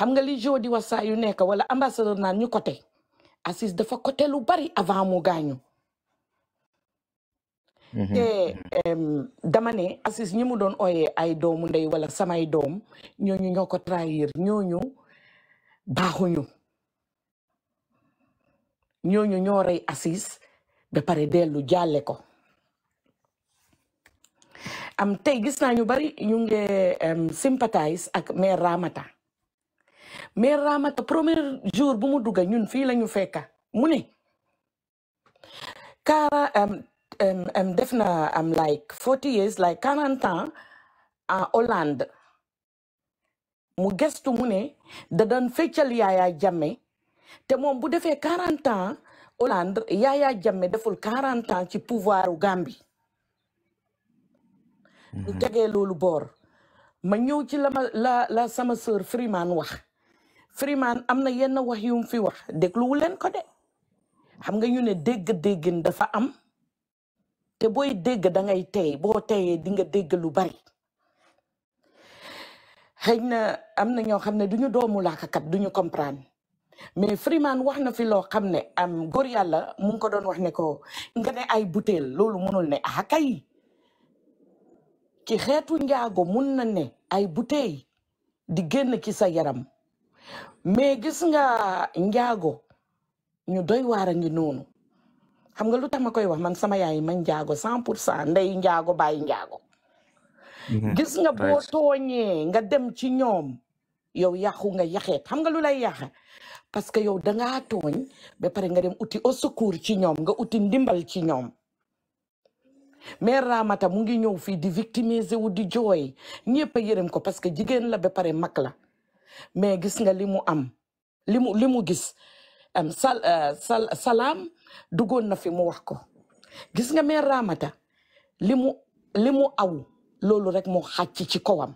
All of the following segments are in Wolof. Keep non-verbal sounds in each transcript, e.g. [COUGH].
xam nga li jo di wax yu nekk wala ambassadeur naan ñu côté Aziz dafa côté lu bari avant mu gaañu mhm. te dama ne Aziz mu doon ooyee ay doomu ndey wala samay doom ñooñu ñoo ko trahir ñooñu baaxuñu ñooñu ñoo rey Aziz ba pare dellu jàlle ko am tey gis naa bari ñu ngi sympathise ak mère Ramata mais Ramata premier jour bu mu dugga ñun fii lañu ñu mu ne kaara def na am like years like quarante en Hollande mu gestu mu ne da daan feccal Yaya Jammeh te moom bu defee quarante ans Yaya Jammeh deful quarante ci pouvoir u ñu mhm. tegee loolu boor ma ñëw ci la la la sama sœur wax Freeman am na yenn wax yum fi wax dégluwu leen ko de xam nga ñu ne dégg-déggin dafa am te booy dégg dangay ngay boo teyee dinga nga dégg lu bari xëy na am na ñoo xam ne duñu doomu laakakat duñu comprendre mais Freeman wax na fi loo xam ne am góor yàlla mu ngi ko doon wax ne ko nga ay butéel loolu mënul ne ah kay ci xeetu njaago mun na ne ay butéel di génn ci sa yaram mais gis nga njaago ñu doy waar a ngi noonu xam nga lu tama koy wax man sama yaay ma njaago cent pour cent ndey njaago bàyyi njaago mm-hmm. gis nga boo tooñee nga dem ci ñoom yow yàqu nga yaxeet xam nga lu lay yàq parce que yow dangaa tooñ ba pare nga dem uti au secours ci ñoom nga uti ndimbal ci ñoom mais Ramata mu ngi ñëw fii di victimiser wu di jooy ñëpp a yërëm ko parce que jigéen la ba pare mag la mais gis nga li mu am limu mu li mu gis euh, sal salaam duggoon na fi mu wax ko gis nga mère Ramata li mu li mu aw loolu rek moo xàcc ci kawam.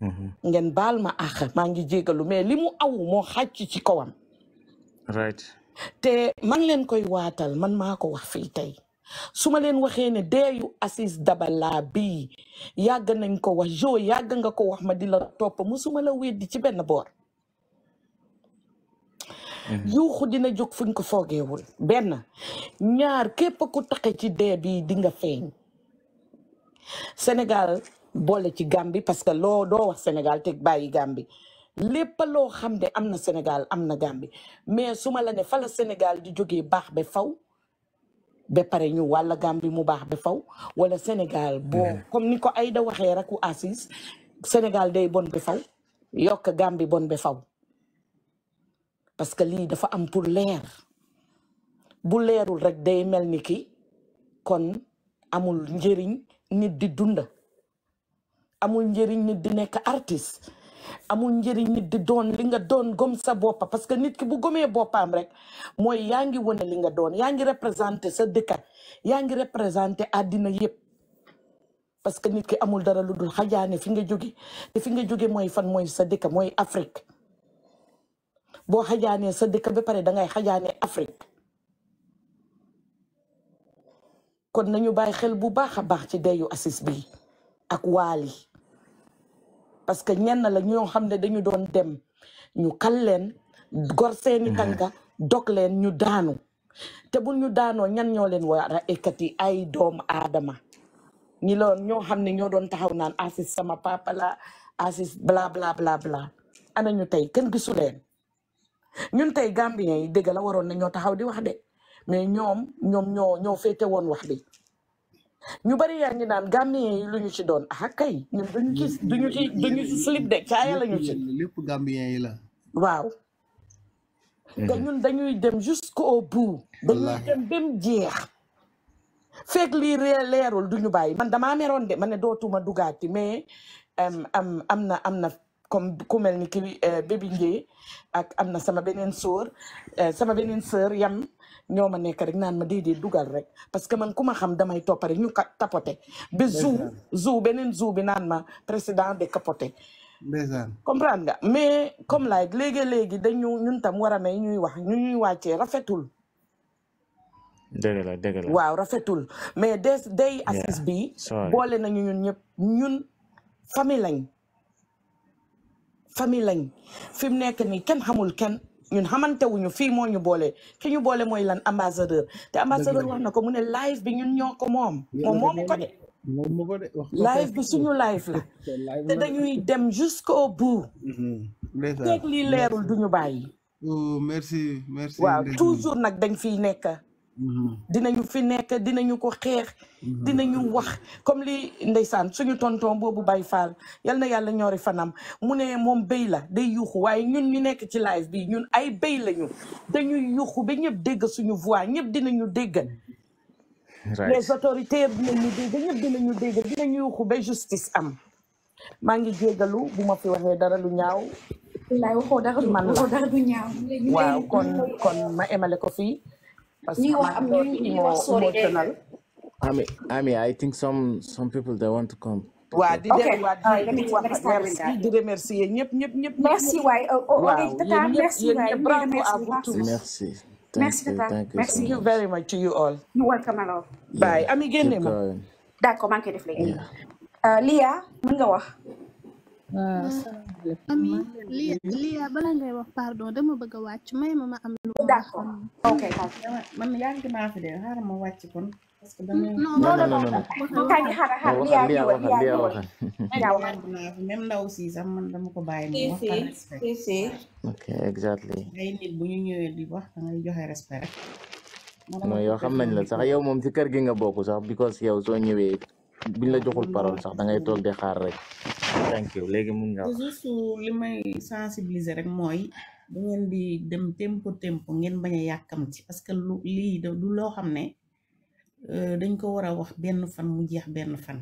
Mm-hmm. ngeen baal ma àq maa ngi jégalu mais li mu aw moo xàcc ci kawam. te man leen koy waatal man maa ko wax fii tey. su ma leen waxee ne deeyu Aziz Dabala bii yàgg nañ ko wax jo yàgg nga ko wax ma di la topp suma la weddi ci benn boor mm-hmm. yuuxu dina jóg fuñ ko foogeewul benn ñaar képp ku taxe ci dee bi dinga nga feeñ Sénégal boole ci Gambie parce que loo doo wax Sénégal teg bàyyi Gambie lépp loo xam ne am na senegal am na Gambie mais su ma la ne fa la Sénégal di joge baax ba faw ba pare ñu wàll Gambie mu baax ba faw wala Sénégal boo mm-hmm. comme ni ko Aida waxee rek ku Assis Sénégal day bon ba faw yokk Gambie bon ba faw parce que lii dafa am pour leer bu leerul rek day mel ni ki kon amul njëriñ nit di dunda amul njëriñ nit di nekk artiste amul njëriñ nit di doon li nga doon gom sa boppa parce que nit ki bu gomee boppam rek mooy yaa ngi wane li nga doon yaa ngi représenté sa dëkka yaa ngi représenté àddina yëpp parce que nit ki amul dara lu dul xajaane fi nga jóge te fi nga jóge mooy fan mooy sa dëkka mooy Afrique boo xajaanee sa dëkka ba pare dangay xajaane Afrique kon nañu bàyyi xel bu baax a baax ci deyu assis bi ak Wally parce que ñenn la ñoo xam ne dañu doon dem ñu kal leen gor seeni mhm. dog leen ñu daanu te bu ñu daanoo ñan ñoo leen war a ekkati ay doomu aadama ñi loon ñoo xam ne ñoo doon taxaw naan Aziz sama papa la Aziz bla bla ana ñu tey kenn gisu leen ñun tey Gambien yi dégg la waroon na ñoo taxaw di wax de mais ñoom ñoom ñoo ñoo féete woon wax bi ñu bari yaa ngi naan gambien yi lu ñu ci doon ah kay ñun duñu ci duñu ci slip de caaya la ñu ci yi la waaw te eh. ñun dañuy dem jusqu'au bout dañuy dem benn jeex fekk lii leerul duñu bàyyi man damaa meroon de ma ne dootuma dugaati mais am am na am na comme ku mel ni ki eh, Bébé Ndié ak am na sama beneen sœur eh, sama beneen sœur yam ñoo ma nekk rek naan ma déedéet dugal rek parce que man ku xam damay toppare rek ñu tapote ba zou zou beneen zou bi naan ma président de capote comprendre nga mais comme like léegi-léegi dañu ñun tam war a may ñuy wax ñu ñuy wàccee rafetul dëgg la waaw rafetul mais des day assis bi boole nañu ñun ñëpp ñun famille lañ famille lañ fi mu nekk nii kenn xamul kenn ñun xamantewuñu wuñu fii moo ñu boole ki ñu boole mooy lan ambassadeur te ambassadeur wax na ko mu ne live bi ñun ñoo ko moom moom ko de live bi suñu live la [LAUGHS] te dañuy dem jusqu'au bout teeg mm-hmm. lii leerul duñu bàyyi oh, merci merci waaw toujours nag dañ fi nekk Mm-hmm. dinañu fi nekk dinañu ko xeex mm-hmm. dina ñu wax comme li ndeysaan suñu tonton boobu Baye Fall yal na yàlla ñoori fanam mu ne moom béy la day yuuxu waaye ñun ñu nekk ci live bi ñun ay béy lañu dañuy yuuxu ba ñëpp dégg suñu voix ñëpp dinañu dégg les autorités dinañu dégg ñëpp dinañu dégg dinañu yuuxu ba justice am maa ngi jégalu bu ma fi waxee dara lu ñaaw laay waxoo waaw kon ma emale ko fii parce que ami ami I think some some people they want to come. waa merci merci merci. merci thank you very much to you all. you're welcome allo. bye ami génne ma. d'accord maa ngi koy euh, Lia Ah, ah, ami li li bala ngay wax pardon dama bëgg a wàcc may ma ma am lu d'accord ok man yaa ngi maa fi de xaaral ma wàcc kon parce que dama non non non non kañ xara xar li yaa ngi wax li yaa wax même ndaw si sax man dama ko bàyyi mu wax si ok exactly ay nit bu ñu ñëwee di wax da ngay joxe respect rek non yow xam nañ la sax yow moom si kër gi nga bokk sax because yow ya, soo ñëwee ya, buñ la joxul parole sax da ngay iya. toog di xaar rek thank you léegi mun nga juste li may sensibiliser rek mooy bu ngeen di dem tempo tempo ngeen bañ a yàkkamti parce que lu lii du loo xam ne euh, dañ ko war a wax benn fan mu jeex benn fan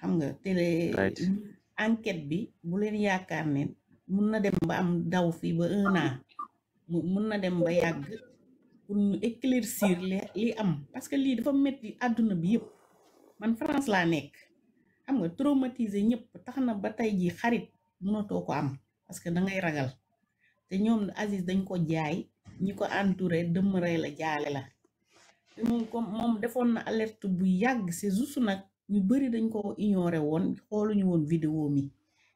xam nga télé enquête bi bu leen yaakaar ne mun na dem ba am daw fii ba un mu mun na dem ba yàgg pour ñu éclaircir li am parce que lii dafa metti àdduna bi yëpp man France laa nekk xam nga traumatiser ñëpp tax na ba tey ji xarit mënatoo ko am parce que da ngay ragal te ñoom Aziz dañ ko jaay ñi ko entouré dëmëree la jaale la moom comme moom defoon na alerte bu yàgg c'est juste nag ñu bari dañ ko ignoré woon xooluñu woon vidéo mi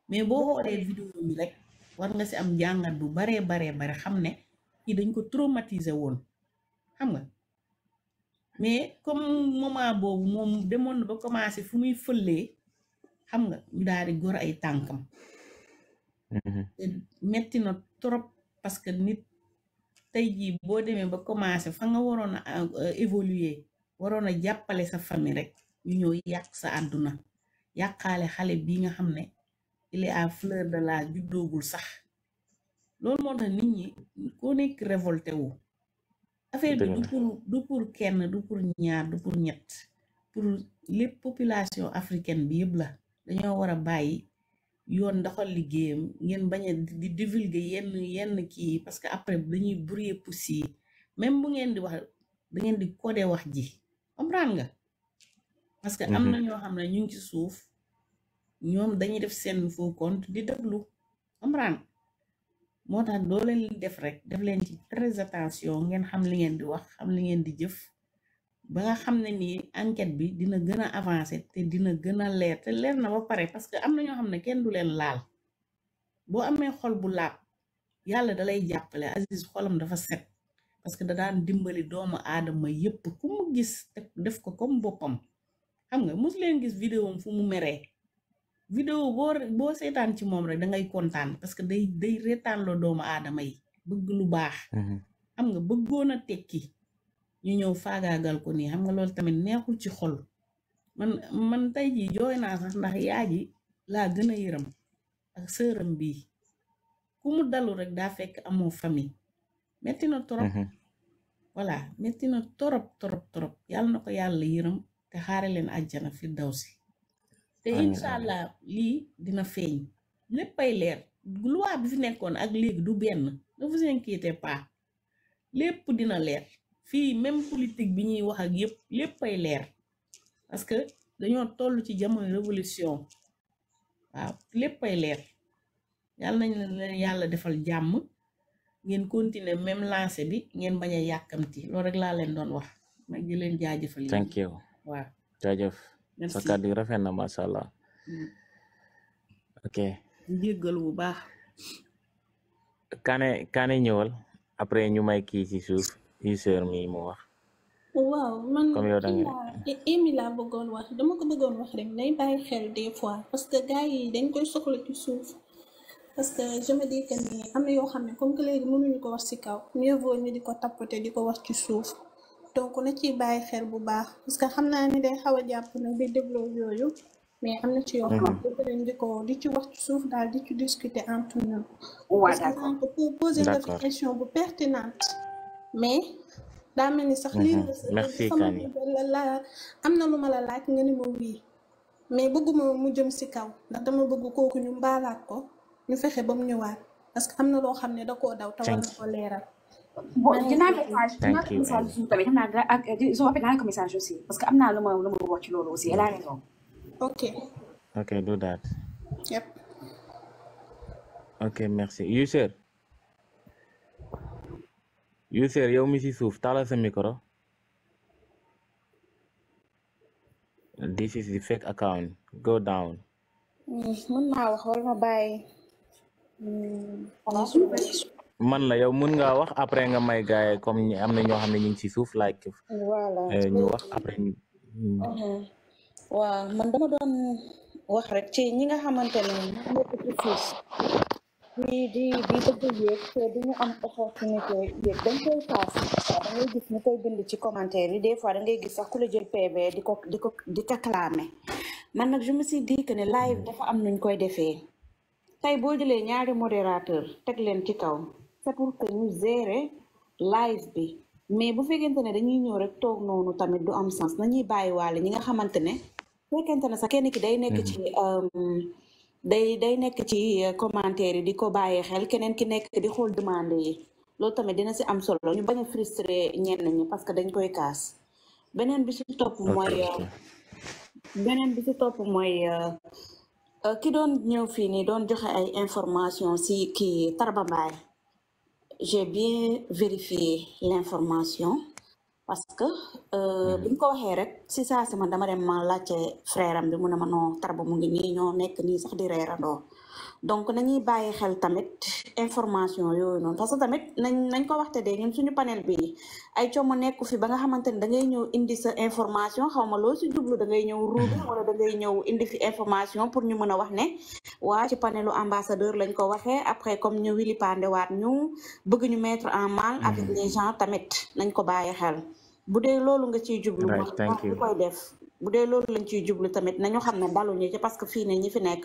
mais boo xoolee vidéo mi rek war nga si am jàngat bu baree baree bare xam ne kii dañ ko traumatisé woon xam nga mais comme moment boobu moom demoon na ba commencé fu muy fëlee xam nga ñu daal di góor ay tànkam mm-hmm. metti na trop parce que nit tey jii boo demee ba commencé fa nga waroon a euh, évoluer waroon a jàppale sa famille rek ñu ñëw yàq sa àdduna yàqaale xale bi nga xam ne il est à fleur de l'âge juddoogul sax loolu moo tax nit ñi koo nekk révolté wu affaire bi du pour du pour kenn du pour ñaar du pour ñett pour lépp population africaine bi yëpp la dañoo war a bàyyi yoon doxal liggéeyam ngeen bañ a di divulguer yenn yenn kii parce que après dañuy brouiller pouce yi même bu ngeen di wax da ngeen di codé wax ji comprendre nga. parce que am na mhm. ñoo xam ne ñu ngi ci suuf ñoom dañuy def seen faux compte di déglu comprendre moo tax doo leen def rek def leen ci très attention ngeen xam li ngeen di wax xam li ngeen di jëf. ba nga xam ne nii enquête bi dina gën a avancé te dina gën a leer te leer na ba pare parce que am na ñoo xam ne kenn du leen laal boo amee xol bu laab yàlla dalay jàppale Aziz xolam dafa set parce que da daan dimbali doomu aadama yépp ku mu gis def ko comme boppam xam nga mos gis vidéo am fu mu meree vidéo boo boo seetaan ci moom rek da ngay kontaan parce que day day reetaanloo doomu aadama yi bëgg lu baax mm-hmm. xam nga bëggoon a tekki ñu ñëw faagaagal ko nii xam nga loolu tamit neexul ci xol man man tey jii jooy naa sax ndax yaay ji laa gën a yëram ak sëram bii ku mu dalu rek daa fekk amoo famille metti na torop mhm. voilà metti na torop torop yàlla na ko yàlla yërëm te xaare leen àjjana fi daw si te incha allah lii dina feeñ léppay leer loi bi fi nekkoon ak léegi du benn ne vous inquiétez pas lépp dina leer fii même politique bi ñuy wax ak yëpp léppay leer parce que dañoo toll ci jamono révolution waaw léppay leer yàlla nañ leen yàlla defal jàmm ngeen continuer même lancé bi ngeen bañ yàkkamti loolu rek laa leen doon wax ma di leen jaajëfal yi thank you waaw jaajëf sa kàddu rafet na macha allah mm. ok jéggal bu baax kaane kaane ñëwal après ñu may kii ci suuf sœur mi mu wax. waaw man comme yow da nga Emi laa bëggoon wax dama ko bëggoon wax rek nay bàyyi xel des fois parce que gars yi dañ koy soxla ci suuf parce que je me ni am na yoo xam ne comme que léegi mënuñu ko wax ci kaw mieux vaut ñu di ko tapoter di ko wax ci suuf donc na ciy bàyyi xel bu baax parce que xam naa ni day xaw a jàpp nag di dégloo yooyu mais am na ci yoo xam di ci wax ci suuf daal di ci discuter entre nous. waaw d'accord parce que poser la question bu pertinente. mais daa mel ni sax lii mhm. merci Kani la am na lu ma la laaj nga ni ma wii mais bëgguma mu jëm si kaw ndax ma bëgg kooku ñu mbaalaat ko ñu fexe ba mu ñëwaat parce que am na loo xam ne da koo daw te war na ko leeral bon dinaa message dinaa ak je rappelle naa ko parce que am naa lu ma lu ma wax ci ok ok do that yep ok merci user Youssef yow mi si suuf taalal sa micro this is the wax wala ma bàyyi hmm. man la yow mën ngaa wax après nga may gaay comme ñi am na ñoo xam ne ñu ngi si suuf like voilà eh, ñu wax après hmm. uh-huh. waaw man dama doon wax rek ci ñi nga xamante ne di di di bëgg yéeg te du ñu am opportunité yéeg dañ koy paas da ngay gis ñu koy bind ci commentaire yi des fois da gis sax ku la jël PV di ko di ko di ko clamer man nag je me suis dit ne live dafa am nuñ koy defee tey boo jëlee ñaari modérateur teg leen ci kaw c'est pour que ñu gérer live bi mais bu fekkente ne dañuy ñëw rek toog noonu tamit du am sens nañuy bàyyi waale ñi nga xamante ne fekkente ne sax kenn ki day nekk hmm. ci euh, day day nekk ci euh, commentaire yi di ko bàyyi xel keneen ki nekk di xool demande yi loolu tamit dina si am solo ñu bañ a frustré ñenn ñi parce que dañ koy kaas beneen bi si euh, topp mooy bi topp mooy ki doon ñëw fii nii doon joxe ay information si kii Tarba Mbaye j'ai bien vérifié l'information parce que bi ñu ko waxee rek si saa ma dama dem ma laajte frère am bi mu ne ma non Tarba mu ngi nii ñoo nekk nii sax di reerandoo donc nañuy bàyyi xel tamit information yooyu noonu parce que tamit nañ nañ ko waxte de ñun suñu panel bii ay coomo nekku fi ba nga xamante ni da ñëw indi sa information xaw ma loo si jublu da ngay ñëw da ngay ñëw indi fi information pour ñu mën a wax ne waa ci panelu ambassadeur lañ ko waxee après comme ñu wili pandewaat ñu bëgg ñu mettre en mal avec mm-hmm. les tamit nañ ko bàyyi xel bu dee loolu nga ciy jublu wax koy def bu dee loolu lañ ciy jublu tamit nañu xam ne daluñu ci parce que fii ne ñi fi nekk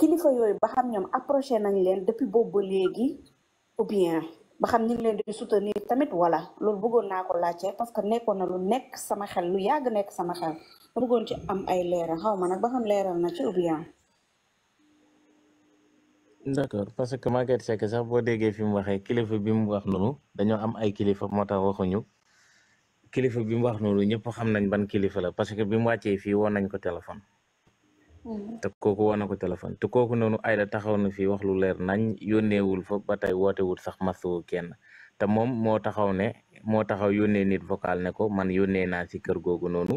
kilifa yooyu ba xam ñoom approché nañ leen depuis boobu ba léegi ou bien ba xam ñu leen di soutenir tamit wala loolu bëggoon naa ko laajte parce que nekkoon na lu nekk sama xel lu yàgg nekk sama xel ma bëggoon ci am ay leeral xaw ma nag ba xam leeral na ci ou bien. d'accord parce que Maguette Seck sax boo déggee fi mu waxee kilifa bi mu wax noonu dañoo am ay kilifa moo tax waxuñu kilifa bi mu wax noonu ñëpp xam nañ ban kilifa la parce que bi mu wàccee fii woon nañ ko téléphone. Mm. te kooku wane ko téléphone te kooku noonu Aida taxaw na fii wax lu leer nañ yónneewul fa ba tey wootewul sax masawu kenn te moom moo taxaw ne moo taxaw yónnee nit vocal ne ko man yónnee naa si kër googu noonu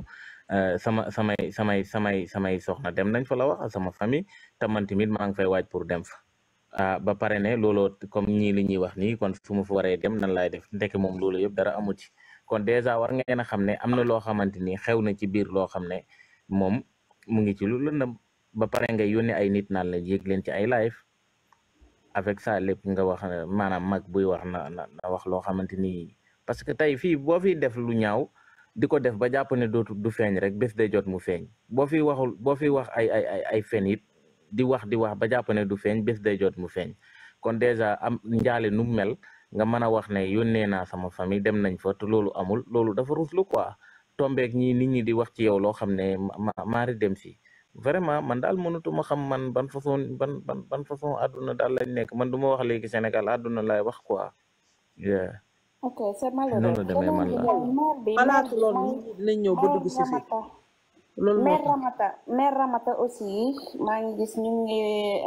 eh, sama samay samay samay samay soxna dem nañ fa la wax sama famille te man tamit maa ngi fay waaj pour dem fa ah, ba pare ne looloo comme ñii li ñuy wax nii kon fu mu fa dem nan laay def ndeke moom loolu yëpp dara amu ci kon dèjà war ngeen a xam ne am na loo xamante ni xew na ci biir loo xam ne moom mu ngi ci lu lëndëm ba pare nga yónnee ay nit naan la yéeg leen ci ay live avec ça lépp nga wax maanaam mag buy wax na na wax loo xamante ni parce que tey fii boo fi def lu ñaaw di ko def ba jàpp ne dootu du feeñ rek bés day jot mu feeñ boo fi waxul boo fi wax ay ay ay ay fen it di wax di wax ba jàpp ne du feeñ day jot mu feeñ kon dèjà am njaale nu mel nga mën a wax ne yónnee naa sama famille dem nañ fo te loolu amul loolu dafa ruslu quoi tombeek ñi nit ñi di wax ci yow loo xam ne maari dem si vraiment man daal mënatuma xam man ban façon ban ban ban façon àdduna daal lañ nekk man du ma wax léegi Sénégal àdduna laay wax quoi ok c'est malheureux noonu la demee man la xalaatu loolu dinañ ñëw ba dugg si oh, fii loolu mère Ramata mère Ramata aussi maa ngi gis ñu ngi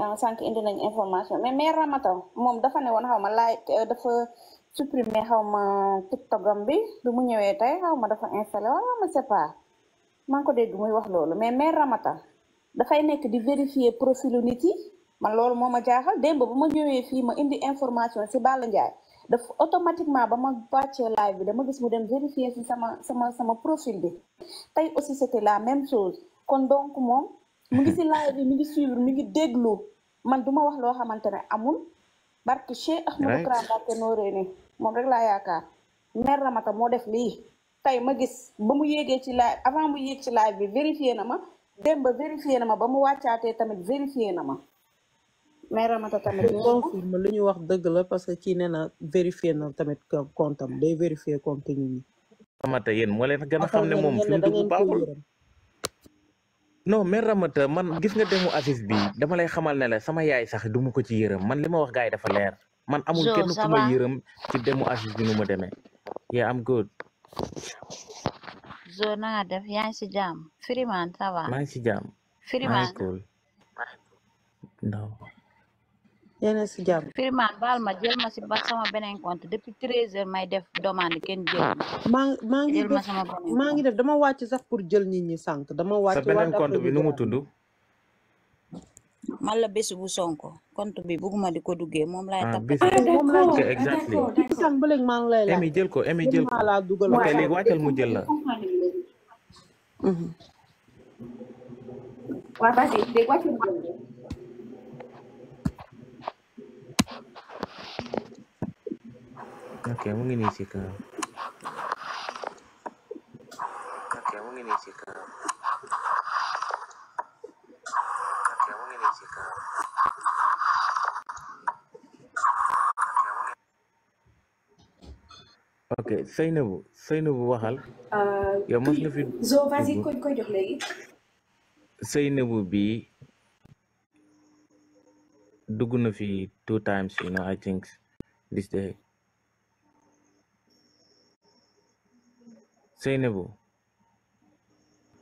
euh, sànq indi nañ information mais mère Ramata moom dafa ne woon xaw ma laaj euh, dafa supprimer xaw ma tiktokam bi du mu ñëwee tey xaw ma dafa installé wala ma sais pas maa ngi ko dégg muy wax loolu mais mère Ramata dafay nekk di vérifier profilu nit yi man loolu moom ma jaaxal démb bu ma ñëwee fii ma indi information si Balla Ndiaye dafa automatiquement ba ma wàccee live bi dama gis mu dem vérifier si sama sama sama profil bi tey aussi c'était la même chose kon donc moom mu ngi si [LAUGHS] live bi mi ngi suivre mi ngi déglu man du ma wax loo xamante ne amul barke Cheikh Ahmadou Kara Mbacké Noreyni moom rek laa yaakaar mère Ramata moo def lii tey ma gis ba mu yéegee ci live avant mu yéeg ci live bi vérifier na ma dem ba vérifier na ma ba mu wàccaatee tamit vérifier na ma mais Ramata tamit lu ñu wax dëgg la parce que kii nee na vérifier na tamit compte am day vérifier compte nit ñi. moo leen gën xam ne moom no mu Ramata man gis nga demu Aziz bi dama lay xamal ne la sama yaay sax du mu ko ci yërëm man li ma wax gars yi dafa leer man amul kenn ku ma yërëm ci demu Aziz bi nu ma demee yeah good zo na nga def yaa ngi si jàmm Firiman ça va ngi si jàmm yéen a si jàmm. Firman baal ma jël ma si ba sama beneen compte depuis treize heures may def demande kenn jël ma. maa ngi def maa ngi def dama wàcc sax pour jël nit ñi sànq dama. wàcc sa beneen compte bi nu mu tudd. man la bés bu sonko compte bi bëgguma di ko duggee moom laay. ah bés ah, moom laay ok exactement. sànq ba léegi maa ngi lay laaj. emi jël ko emi jël ko laa dugal. ok léegi wàccal mu jël la. waa mhm. vas-y léegi wàccal mu jël la. Kamu ngini sih kak. Kamu ngini sih kak. ok Seynabou Seynabou waxal. yow mos na fi. zo vas-y two times you know I think this day. Seynabou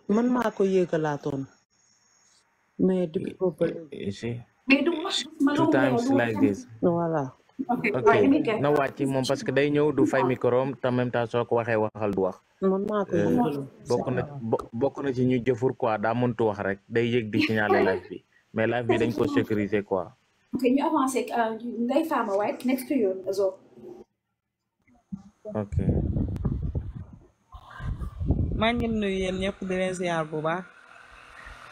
man maa ko yéegalaatoon mais depuis na wàcc moom parce que day ñëw du fay mikrom am te en même soo ko waxee waxal du wax euh, bokk na ci ñu jëfur quoi daa mëntu wax rek day yëg di signaler live bi mais live bi dañ ko sécuriser quoi ok maa nu nuyu yéen ñëpp di leen ziar bu baax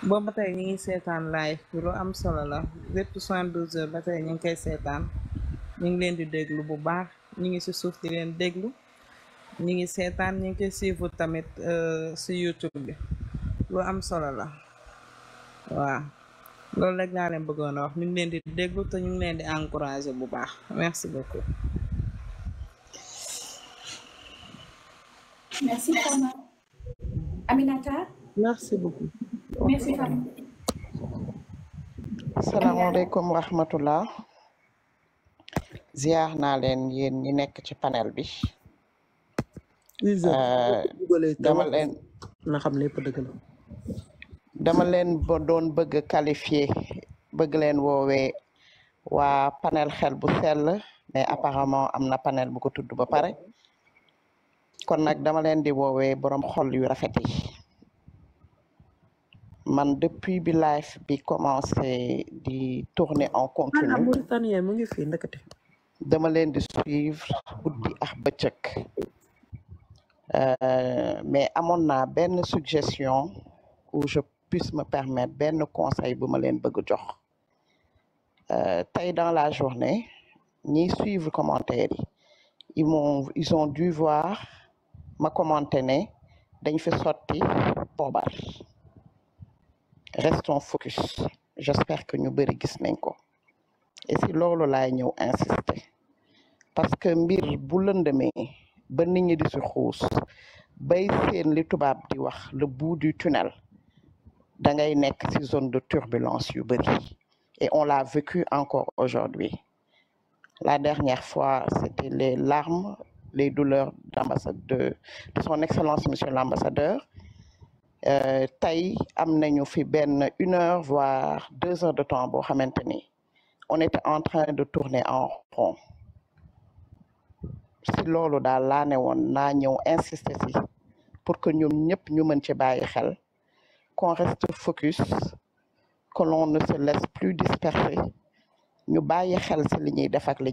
boobu ba tey ñu ngi seetaan laay lu am solo la depuis soixante-douze ñu ngi koy seetaan ñu ngi leen di déglu bu baax ñu ngi si suuf di leen déglu ñu ngi seetaan ñu ngi koy suivre tamit euh, si YouTube bi lu am solo la waaw loolu rek laa leen bëggoon a wax ñu ngi leen di déglu te ñu ngi leen di encourager bu baax merci beaucoup. Aminata Merci beaucoup. Merci, Fabien. Salam alaikum wa rahmatullah. Ziar na len yéen ni nek ci panel bi. Euh, dama len na xam lepp deug la. dama len ba doon beug qualifier beug len wowe wa panel xel bu sel, mais apparemment amna panel bu ko tudd ba pare kon nak dama len di wowe borom xol yu rafet man depuis bi live bi commencé di tourner en continu Mauritanien mu ngi fii ndekete dama len di suivre guddi ak euh mais amon na ben suggestion où je puisse me permettre ben conseil bu ma len bëgg jox euh, tay dans la journée ni suivre commentaire ils m'ont ils ont dû voir ma commenté né dañ fi sorti restons focus j'espère que ñu bëri gis nañ ko et si lolu lay ñeu insister parce que mbir bu lëndamee ba nit ñi di si xuus bay seen li tubab di wax le bout du tunnel da ngay nekk ci zone de turbulence yu bëri et on l'a vécu encore aujourd'hui la dernière fois c'était les larmes les douleurs de son excellence monsieur l'ambassadeur euh, Taï am nañu fi ben une heure voire deux heures de temps pour maintenir. on était en train de tourner en rond si loolu daal insisté insister pour que nous ñëpp ñu qu'on reste focus que l'on ne se laisse plus disperser nous bàyyi xel faire li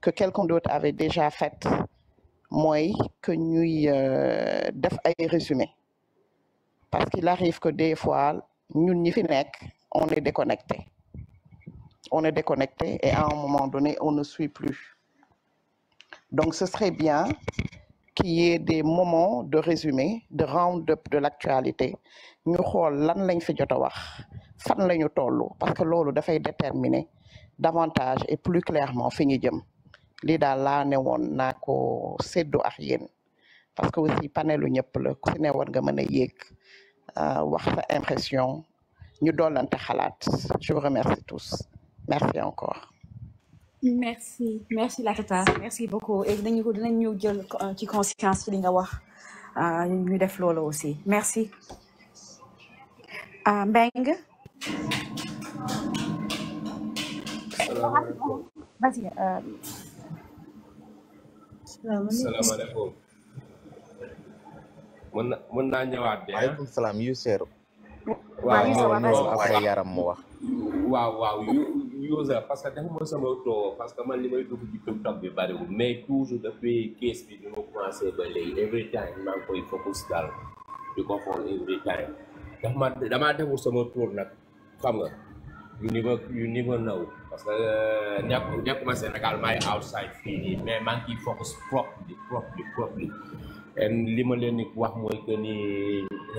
que quelqu'un d'autre avait déjà fait moi, que nous euh, devons résumer. résumé parce qu'il arrive que des fois nous ñi fi on est déconnecté on est déconnecté et à un moment donné on ne suit plus donc ce serait bien qu'il y ait des moments de résumé de round-up de l'actualité ñu lan lañ fi wax parce que nous devons déterminer davantage et plus clairement nous les la laa ne woon parce que aussi panelu ñëpp la ku si ne nga mëna a euh, impression ñu je vous remercie tous merci encore. merci merci la merci beaucoup et dañu ko ñu jël euh, ci conscience li nga wax euh, ñu def aussi merci Mbengue. salaamaaleykum mën na mën naa ñëwaat de. Ah? waaleykum salaam yu seeru. waaw waaw après yaram mu wax. waaw waaw yu user parce que defuma sama too parce que man li may dugg ci TikTok bi bariwul mais toujours depuis case bi bi ma commencé ba léegi every time maa koy focus daal di ko every time daf ma deful sama tour nag xam yu ni yu ni ma naw parce que uh, nekk nekkuma Sénégal maay outside fii mais maa ngi focus properly properly properly and li ma leen que ni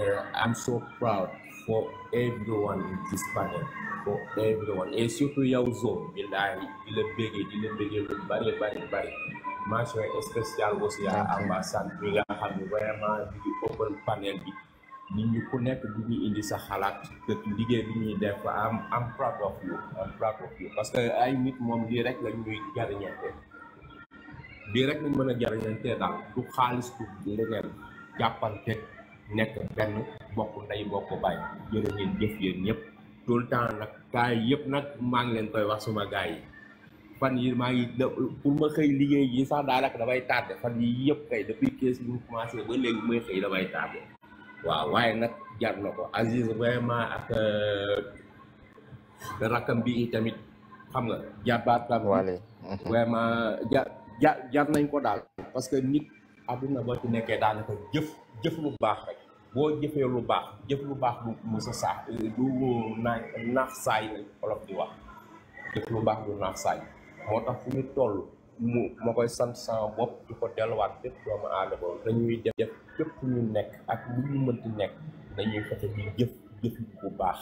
eh, I'm so proud for everyone in this panel for everyone et surtout yow Zone billahi di la bégee di la bégee lu bari bari bari mention spéciale aussi à ambassade bi nga xam ne vraiment di open panel bi nit ñi ku nekk di ñuy indi sa xalaat que liggéey bi ñuy def am am proud of parce que ay nit moom lii rek la ñuy jariñante lii rek ñu mën a jariñante daal du xaalis du leneen jàppante nekk benn bokk ndey bokk bàyyi jërë jëf yéen ñëpp tout le temps nag gars yi yëpp nag maa ngi leen koy wax suma gars yi fan yi maa ngi pour ma xëy liggéey yi sax daanaka damay tardé fan yi yëpp kay depuis 15 mu commencé ba léegi muy xëy damay tardé waaw waaye nag jar na ko Aziz vraiment ak euh, rakam i tamit xam nga jabaatam vraiment ja ja jar nañ ko daal parce que nit àdduna boo ci nekkee daanaka jëf jëf lu baax rek boo jëfee lu baax jëf lu baax du mu sa saax du naax saay na olof di wax jëf lu baax du naax saay moo tax fu ñu toll mu ma koy sant sama bopp di ko delluwaat bépp doomu aadama dañuy def def nekk ak lu ñu nekk dañuy fexe di jëf jëf bu baax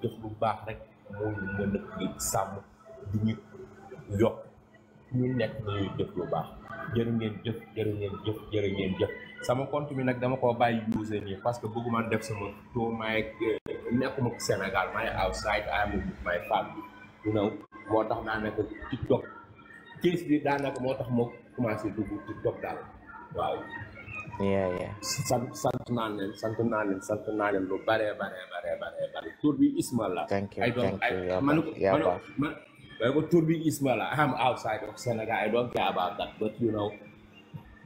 jëf bu baax rek moo ñu mën a sàmm di ñu yokk ñu nekk dañuy jëf lu baax jërë ngeen jëf jërë ngeen jëf ngeen jëf sama compte bi nag dama koo bàyyi use nii parce que bëgguma def sama taux maay euh, nekkuma Sénégal maay outside I am with my family moo tax naa nekk TikTok case bi daanaka moo tax moo commencé dugg TikTok daal waaw. yeah yeah sant sant naa leen sant naa leen sant naa leen lu bare bare bare bare bare tur bi Ismail la. thank you thank you man man ko tur bi Ismail la I am outside of Senegal I don't care about that but you know.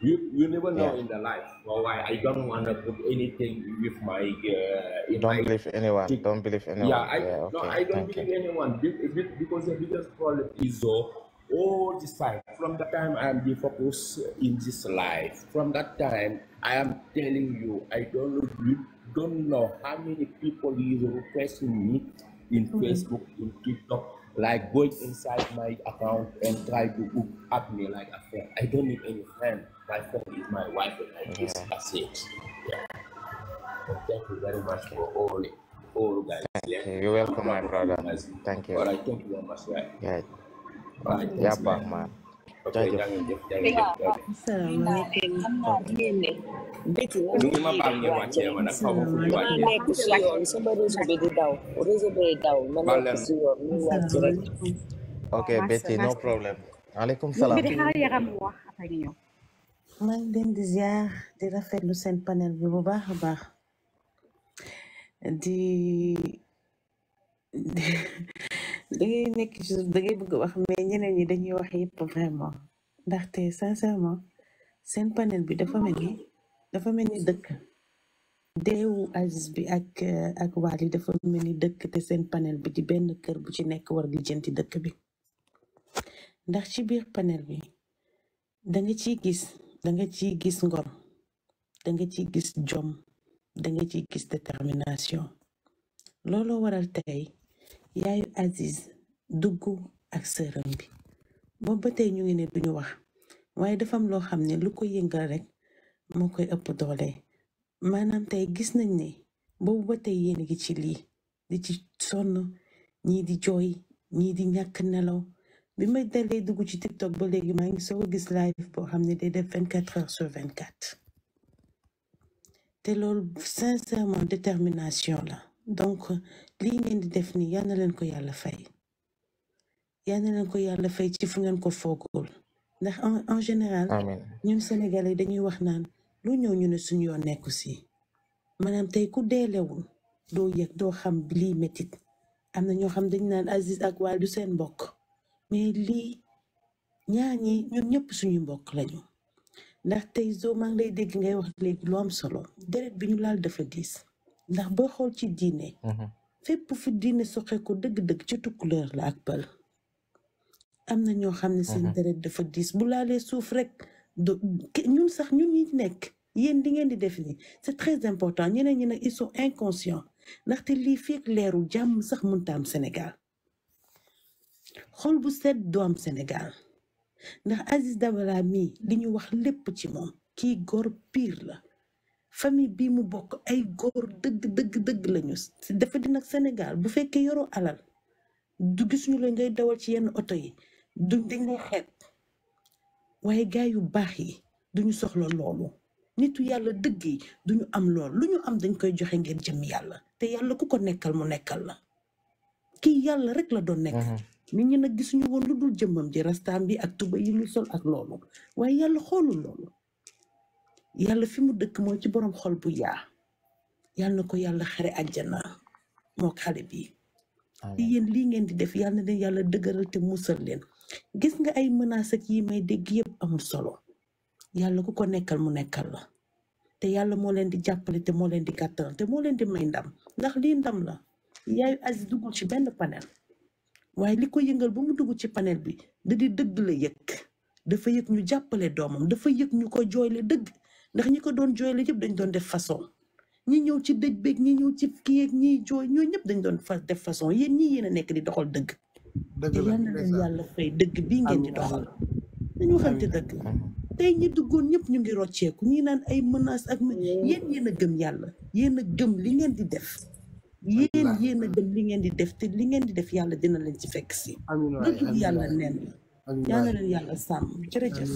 You, you never know yeah. in the life. Well, I, I don't want to put anything with my. Uh, don't my, believe anyone. Don't believe anyone. Yeah, I, yeah, okay. no, I don't Thank believe you. anyone because the biggest problem is though all this time, from the time I am focus in this life, from that time, I am telling you, I don't know, don't know how many people is requesting me in mm-hmm. Facebook, in TikTok, like going inside my account and try to hook up me like a friend. I don't need any friend. My friend is my wife and my kids. That's it. Yeah. thank you very much for all all guys. Thank yeah. you. You're welcome, my brother. Thank you. All right. Thank you very much. Yeah. yaa baax maa jaajëf salaamaaleykum béti di daw réseau no problème maaleykum salaam maa ngi leen di ziar di rafetlu seen panel bi bu baax a baax da nekk ci suuf da ngay bëgg wax mais ñeneen ñi dañuy wax yëpp vraiment ndaxte sincèrement seen panel bi dafa mel ni dafa mel ni dëkk deewu Aziz bi ak euh, ak Wally dafa mel ni dëkk te seen panel bi di benn kër bu ci nekk war lijjanti dëkk bi ndax ci biir panel bi da ci gis danga ci gis ngor da nga ciy gis jom da ci gis détermination looloo waral tey. yaayu Aziz dugg ak sëram bi boobu ba tey ñu ngi ne duñu wax waaye defam loo xam ne lu ko yëngal rek moo koy ëpp doole maanaam tey gis nañ ne boobu ba tey yéen a ngi ci lii di ci sonn ñii di jooy ñii di ñàkk nelaw bi ma dalee dugg ci tiktok ba léegi maa ngi soog a gis live boo xam ne day def vingt quatre heures sur te loolu sincèrement détermination la donc lii ngeen di def nii yal na leen ko yàlla fay yal na leen ko yàlla fay ci fu ngeen ko foogul ndax en général ñun sénégalais dañuy wax naan lu ñëw ñu ne suñu yoon nekku si maanaam tey ku deelewul doo yëg doo xam lii métit am na ñoo xam dañ naan Aziz ak Waly du seen mbokk mais lii ñaar ñi ñun ñëpp suñu mbokk lañu ndax tey Zo maa ngi lay dégg ngay wax léegi lu am solo deret bi ñu laal dafa diis ndax ba xool ci diine mhm. fépp fu diine soxeeku dëgg-dëgg ci tukkuleer la ak pël am na ñoo xam ne seen mhm. deret dafa diis bu laalee suuf rekk do ñun sax ñu ñi nekk yéen di ngeen di def nii c'est très important ñeneen ñi nag ils sont inconscients ndaxte lii feeg leeru jàmm sax mënta am Sénégal xol bu set du am Sénégal ndax Aziz Dabala mii li ñu wax lépp ci moom kii góor piir la famille bi mu bokk ay góor dëgg dëgg dëgg lañu dafa di nag Sénégal bu fekkee yoroo alal du gis ñu la ngay dawal ci yenn oto yi duñ dañ yu baax yi duñu soxla loolu nitu yàlla dëgg yi duñu am lool lu ñu am dañ koy joxe ngeen jëm yàlla te yàlla ku ko nekkal mu nekkal la kii yàlla rek la doon nekk mhm. nit ñi nag gisuñu woon lu dul jëmmam ji rastaan bi ak tuba yi mu sol ak loolu waaye yàlla xoolul loolu yàlla fi mu dëkk mooy ci boroom xol bu yaa yàlla na ko yàlla xare àjjana moo xale bi di yéen lii ngeen di def yàlla na yàlla dëgëral te musal leen gis nga ay menaces yi may dégg yëpp amul solo yàlla ku ko nekkal mu nekkal la te yàlla moo leen di jàppale te moo leen di gàttal te moo leen di may ndam ndax lii ndam la yaayu Aziz duggul ci benn panel waaye li ko yëngal ba mu dugg ci panel bi da di dëgg la yëg dafa yëg ñu jàppale doomam dafa yëg ñu ko jooyle dëgg ndax ñi ko doon jooy la yëpp dañ doon def façon ñi ñëw ci dëj beeg ñi ñëw ci kii yeeg ñiy jooy ñoo ñëpp dañ doon fa def façon yéen ñi yéen a nekk di doxal dëgg te yal na leen yàlla fay dëgg bii ngeen di doxal dañu waxante dëgg tey ñi duggoon ñëpp ñu ngi rocceeku ñi naan ay menace ak mm. yéen yéen a gëm yàlla yéen a gëm li ngeen di def yéen yéen a li ngeen di def te li ngeen di def yàlla dina leen ci fekk si dëgg yàlla neen yàlla na leen yàlla sàmm jërëjëf.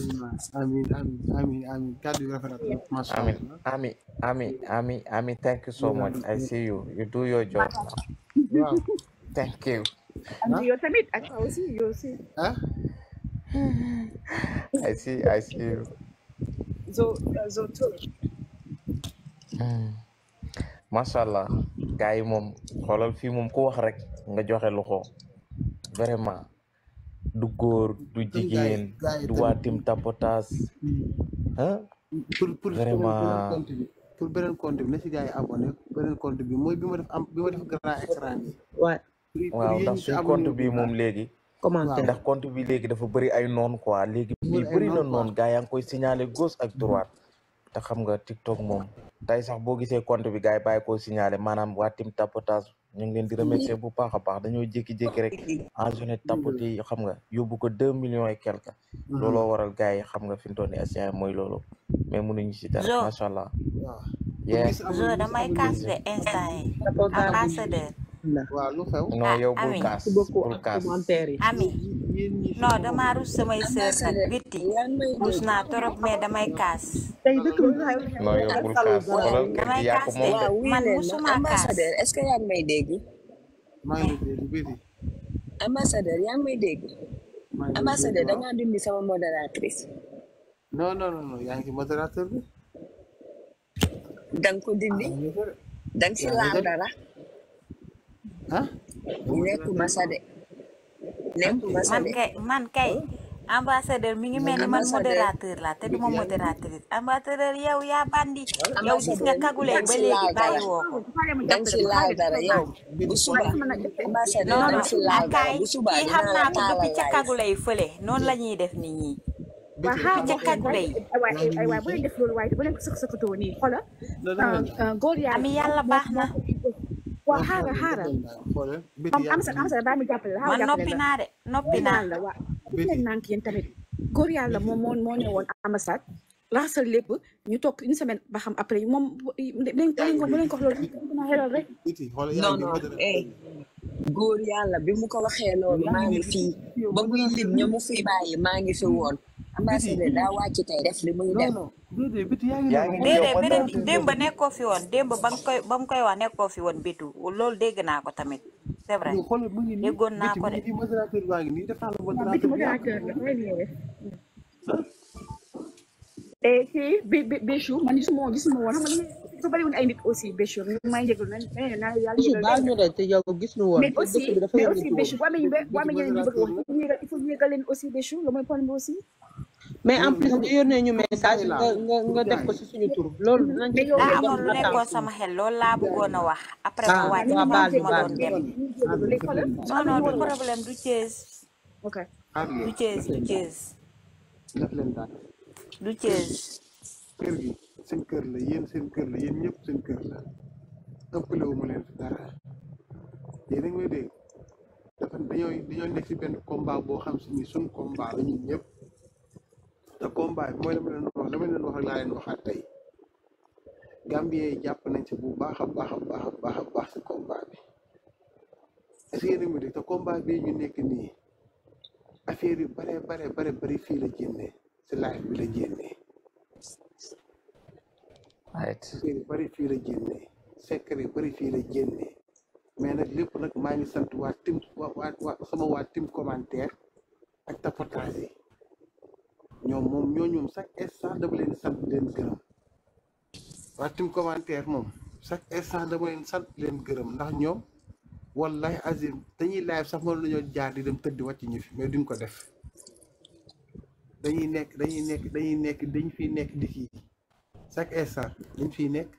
so much I yi moom xoolal fii moom ku wax rek nga joxe loxo vraiment. du góor du jigéen du waatim tapotas hmm. pour vraiment pour beneen compte bi na bi mooy bi ma def am bi ma ndax suñ compte bi moom léegi commentaire ndax compte bi léegi dafa bëri ay noon quoi léegi bi bëri na noon gars yaa ngi koy signaler gauche ak droite te xam nga TikTok moom tey sax boo gisee compte bi gars yi bàyyi koo signaler maanaam waatim tapotas ñu ngi leen di remercier bu baax a baax dañoo jékki-jékki rek en journée tapoti xam nga yóbbu ko deux millions et quelque looloo waral gars yi xam nga fi mu toll nii SDN mooy loolu mais mënuñu si dara macha allah. waaw casse de instant yi waaw lu xew non yow bul kaas bul kaas ami non dama rus samay sœur nag bitti rus torop mais damay kaas tey dëkk bi xew non yow bul kaas xoolal kër gi yaa man musuma kaas est-ce que may ambassadeur may ambassadeur da dindi sama modératrice No, no, no, no. Yang modérateur bi dang ko dindi da dara Hah? Né ko masade. Né ko masade. Man kay, man kay. man modérateur la te duma modératrice ambassadeur yow yaa bandi yow gis nga kagule ba léegi bàyyi woo ko dañ si laal dara yow bu suba ambassadeur dañ si laal dara bu suba kii xam naa ko depuis kagule yi fële noonu def nit ñi kagule yi waay waay bu leen def loolu waaye bu leen ko sëq sëqatoo ami yàlla ya, baax nah. waaw xaaral xaaral am sa am sa baa mi jàppale la man noppi naa de noppi naa la waaw gis ngeen nànk yàlla moom moo moo ne woon ambassade laxasal lépp ñu toog une semaine ba xam après moom leen leen ko ko loolu na xelal rek non non góor yàlla bi mu ko waxee loolu maa ngi fii ba muy lim ña mu fi bàyyi maa ngi fi woon ambassadeur daa wàcc tey def li muy def. déedéet beneen démb nekkoo fi woon démb ba koy ba koy wax nekkoo fi woon bitu loolu dégg naa ko tamit c'est vrai déggoon naa ko de. Eh, kii bi bi Bichou man gisuma woon xam nga dafa bëriwoon ay nit aussi Béchir ñu may jégalu nañ naa yàlla jégalu de te yow gis nu woon mais aussi mais aussi Béchir waa ñu waa ma ñeneen ñu bëgg wax problème aussi mais en plus nga yónnee ñu message nga nga def ko ci suñu tur loolu nañ ci ah nekkoon sama xel loolu laa bëggoon a wax après ma wàcc ma doon dem non problème du Thiès du Thiès du Thiès du Thiès seen kër la yéen seen kër la yéen ñëpp seen kër la ëppale wu ma leen fi dara yéen a ngi may dégg dafa nekk ci benn combat boo xam si nii suñ combat la ñun ñëpp te combat bi mooy la ma leen wax la wax ak leen waxaat tey Gambien jàpp nañ ci bu baax a baax baax a baax a baax si combat ñu nekk nii affaire yu bare bare bare bëri fii la génnee si live bi la génnee. affaire yu bëri fii la génnee secret yu bëri fii mais nag lépp nag maa ngi sant waa tim sama waa tim commentaire ak tapotage yi ñoom moom ñoo ñoom chaque instant dama leen sant leen gërëm waa tim commentaire moom chaque instant dama leen leen gërëm ndax ñoom wallahi azim dañuy live sax mënoon nañoo jaar di dem tëdd wàcc ñu fi mais duñ ko def dañuy nekk dañuy nekk dañuy nekk dañ fiy nekk di fii chaque instant dañ fi nekk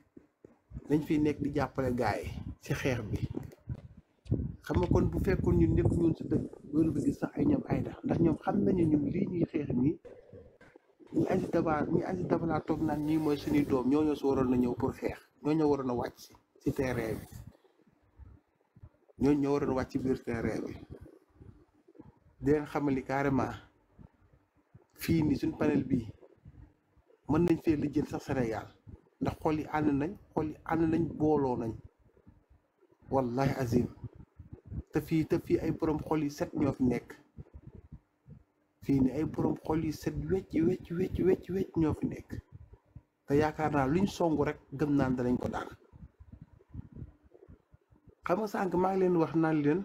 dañ fi nekk di jàppale gaay yi ci xeex bi xam nga kon bu fekkoon ñun ñëpp ñun si dëkk loolu bi gis sax ay ñoom ay dax ndax ñoom xam nañu ñun lii ñuy xeex nii ñu Aziz Dabala ñu Aziz Dabala toog naan ñii mooy suñuy doom ñooñoo si waroon na ñëw pour xeex ñëw waroon a wàcc si si terrain bi ñooñu ñoo waroon a wàcc ci biir terrain bi di leen xamali carrément fii ni suñ panel bii mën nañ fee lijjanti sax Sénégal ndax xol yi ànd nañ xol yi ànd nañ booloo nañ wallahi azim te fii te fii ay borom xol yi set ñoo fi nekk fii ni ay borom xol yi set wecc wecc wecc wecc wecc ñoo fi nekk te yaakaar naa luñ songu rek gëm naan danañ ko daan xam nga sànq maa ngi leen wax naan leen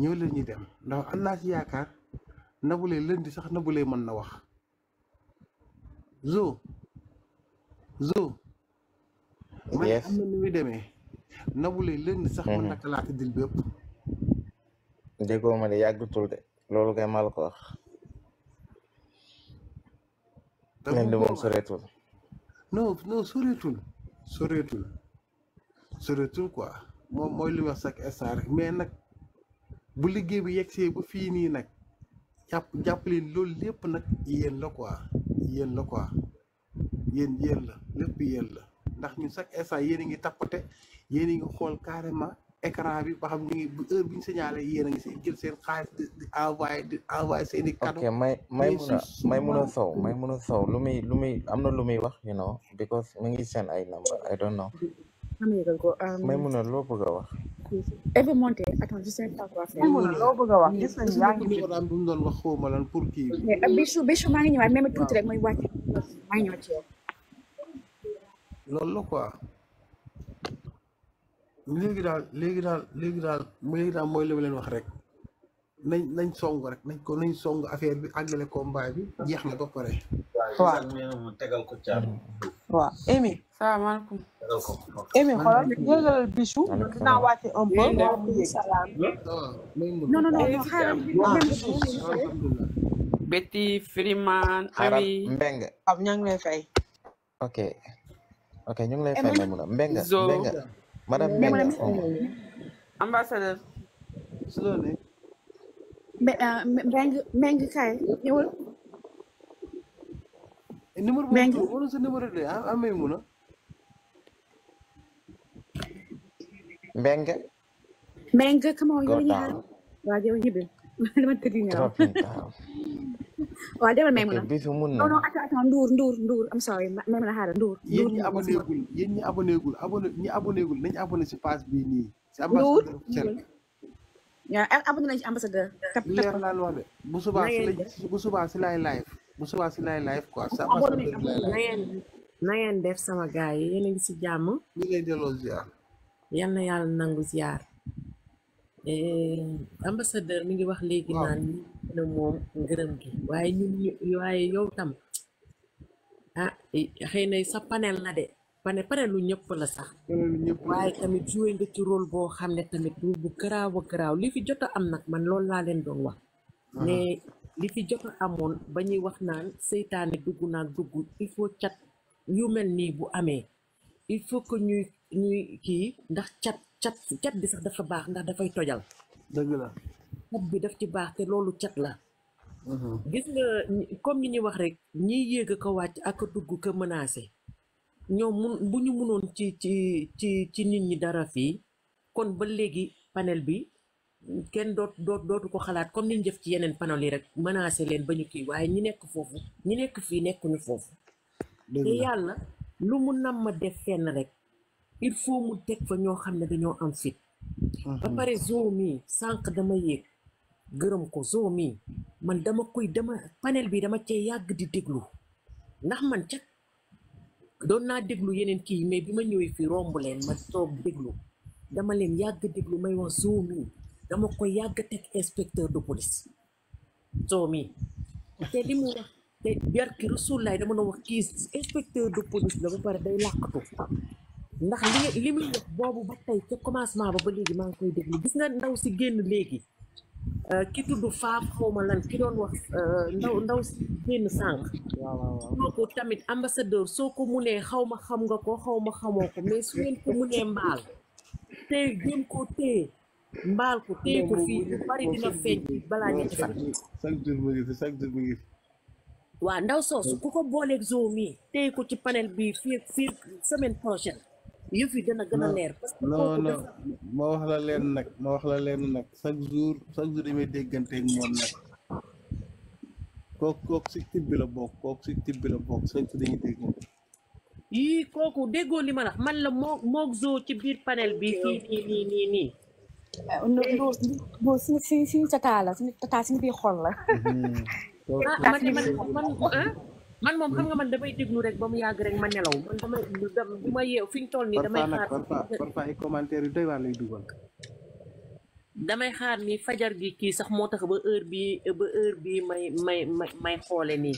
ñëw leen ñu dem ndax am naa ci yaakaar nabulee di sax nabulee mën na wax zoo zoo man am na ni muy demee Nabou Leye lënd sax mën na mhm. kalaate dil bi yëpp déggoo ma de yàggutul de loolu kay maa ko wax mel ni moom soreetul non non soreetul soreetul soreetul quoi moom mooy li ma sakk instant rek mais nag bu liggéey bi see ba fii nii nag jàpp jàpp leen loolu lépp nag yéen la quoi yéen la quoi yéen yéen la lépp yéen la ndax ñu chaque instant yéen a ngi tappate yéen a ngi xool carrément écran bi ba xam ñu ngi bu heure bi ñu signalé yéen a ngi seen xaalis di di di envoyé seen i ok may may may mun sow may mun a sow lu muy lu muy am na lu muy wax you know because mu ngi seen ay number I xam nga ko. Maimouna loo a wax. Eva Monté attends je sais pas quoi faire. Maimouna a wax gis nañu yaa ngi ci. bu ñu wax xaw ma lan pour kii. Bichou Bichou maa ngi ñëwaat même tuuti rek mooy wàcc maa ngi ñëwaat ci yow. loolu la quoi léegi daal léegi daal léegi daal léegi daal mooy li leen wax rek. nañ nañ song rek nañ ko nañ song affaire bi àggale combat bi jeex na ba pare. waaw mu tegal ko caal. waaw Amy. salaamaaleykum. Amy xoolal jégalal Bichou. dinaa wàcce Freeman. Amy Mbengue. waaw lay fay. ok ok lay fay ma mun a Mbengue Mbengue madame Mbengue oh. Ah, Mbengue Mbengue kaay ñëwal. Eh, numéro boobu wala sa numéro de ah, ah may mun a. Mbengue. Mbengue comment on dit. waaw yow ñibbi [LAUGHS] dama tëdd nelaw. [LAUGHS] waaw demal may mun a. bisu mun na non non attends attends Ndour Ndour Ndour am sorry may mun a xaaral Ndour. Ndour yéen gul yéen ñi aboné gul aboné ñi aboné gul nañu aboné si page bii nii. yaa ngi abonné nañ ci ambassadeur. tëb tëb leer naa live live sama mi ngi wax léegi naan ñu gi ñun yow tam ah xëy sa panel de. ba ne pare lu ñëpp la sax. waaye tamit joué nga ci role boo xam ne tamit bu garaaw a garaaw li fi jot am nag man lool laa leen doon wax. ne li fi jot a amoon ba ñuy wax naan seytaane dugg naan dugg il faut cat yu mel nii bu amee il faut que ñuy ñuy kii ndax cat cat cat bi sax dafa baax ndax dafay tojal. dëgg la cat bi daf ci baax te loolu cat la. gis nga comme ni ñuy wax rek ñiy yéeg a ko wàcc ak a dugg ko menacé. ñoom mun bu ñu munoon ci ci ci ci nit ñi dara fii kon ba léegi paneel bi kenn doot doot dootu ko xalaat comme ni ñu def ci yeneen panel yi rek menacé leen ba kii waaye ñi nekk foofu ñi nekk fii nekkuñu foofu te yàlla lu mu def fenn rek il faut mu teg fa ñoo xam ne dañoo am fit ba mhm. pare zoo mii sànq dama yéeg gërëm ko zoo mii man dama koy dama panel bi dama cee yàgg di déglu ndax man ca doon naa déglu yeneen kii mais bi ma ñëwee fii romb leen ma toog déglu dama leen yàgg déglu may wax Zo mi dama koy yàgg teg inspecteur de police Zo mi te li mu wax te barki Rasulaay dama la wax kii inspecteur de police la ba pare day làqatu ndax li li muy wax boobu ba tey ca commencement ba ba léegi maa ngi koy déglu gis nga ndaw si génn léegi Euh, ki tudd faaf xaw lan ki doon wax euh, ndaw ndaw si génn sànq. waaw waaw kooku tamit ambassadeur soo ko munee xaw ma xam nga ko xaw ma xamoo ko mais su ngeen ko munee mbaal te gën koo téye mbaal ko téye ko fii lu bari dina feeñ balaa ñetti fan. chaque ndaw soosu ku ko booleeg zoo mii téye ko ci panel bi fii fii semaine prochaine. yëf yi dana gën a leer. parce que non wax la leen nag moo wax la leen nag chaque jour chaque jour déggante dégganteeg moom nag kooku kooku si tib la bokk kooku si tib la bokk chaque jour dañuy déggante. yii kooku déggoo li ma la man la moo moog zoo ci biir panel bi fii nii nii nii nii. ndoo ndoo si si si tataa la si tataa si biir xol la. man ah. man mom xam nga man damay deglu rek ba yag rek man nelaw man damay du ma yew fiñ ñu toll nii damay xaar parfois ay commentaire yu doy waar lay duggal damay xaar ni fajar gi ki sax moo tax ba heure bi ba heure bi may may may xolé ni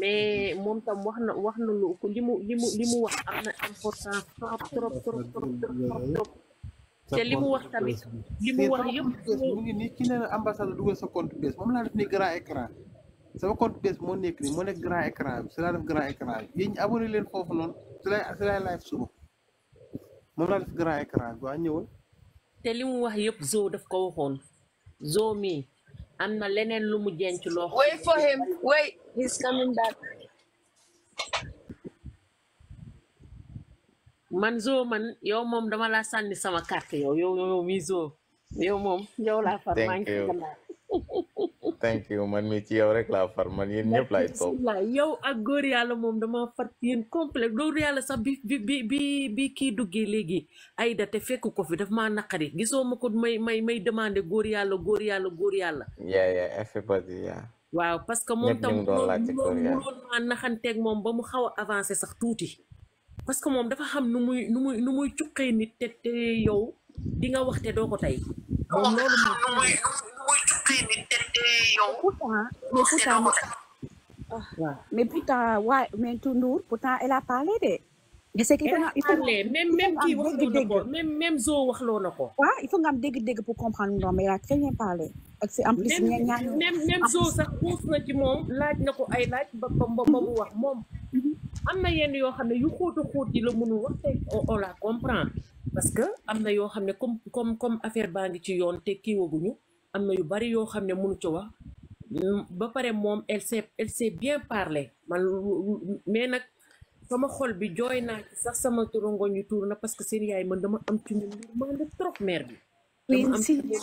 mais mom tam waxna waxna lu ko limu limu limu mu li wax am na importance trop trop trop trop trop trop te wax tamit limu wax yëpp mu ngi nii ki nee na ambassade duggal sa compte bes mom la def ni grand écran sama compte bees moo nekk nii moo nekk grand écran bi si leen foofu noonu si laay si laay live suba moom laa grand écran bi waa ñëwal. te li mu wax yëpp Zo daf ko waxoon Zo mii am na leneen lu mu jenc loo xam. wait for man Zo man yow moom dama laa sànni sama carte yow yow yow mii Zo yow moom yow far maa ngi [LAUGHS] thank you man mi ci yow rek laa far man yéen ñëpp laay toog yow ak góor yàlla moom dama far yéen complet góor yàlla sax bi bi bi kii duggee léegi ay da te fekk ko fi daf maa naqari gisoo ma ko may may may demandé góor yàlla góor yàlla góor yàlla yeah yeah waaw parce que moom tam loolu maa naxanteeg moom ba mu xaw a avancé sax tuuti parce que moom dafa xam nu muy nu muy nu muy cuqee nit te te yow di nga waxte doo ko tey moom loolu Ah. Hein. mais pourtant mais putain ouais mais tout Tundur pourtant elle a parlé de. il faut même même kii wax na ko même même Zo wax loo na ko. il faut nga am dégg-dégg pour comprendre non mais elle a très bien parlé. ak si en plus ña ñaar même même Zo sax puus na ci moom laaj na ko ay laaj ba ba ba mu wax moom. Mhm. am na yenn yoo xam ne yu xóotu xóot yi la mënul wax te on la comprend parce que am na yoo xam ne comme comme comme affaire baa ngi ci yoon te kii waguñu. am na yu bari yoo xam ne mënu ci wax ba pare moom elle s'est bien parlé man mais nag sama xol bi jooy naa ci sax sama turangoñ yu tuur na parce que seen yaay man dama am ci ñun trop mère bi dama am xam nga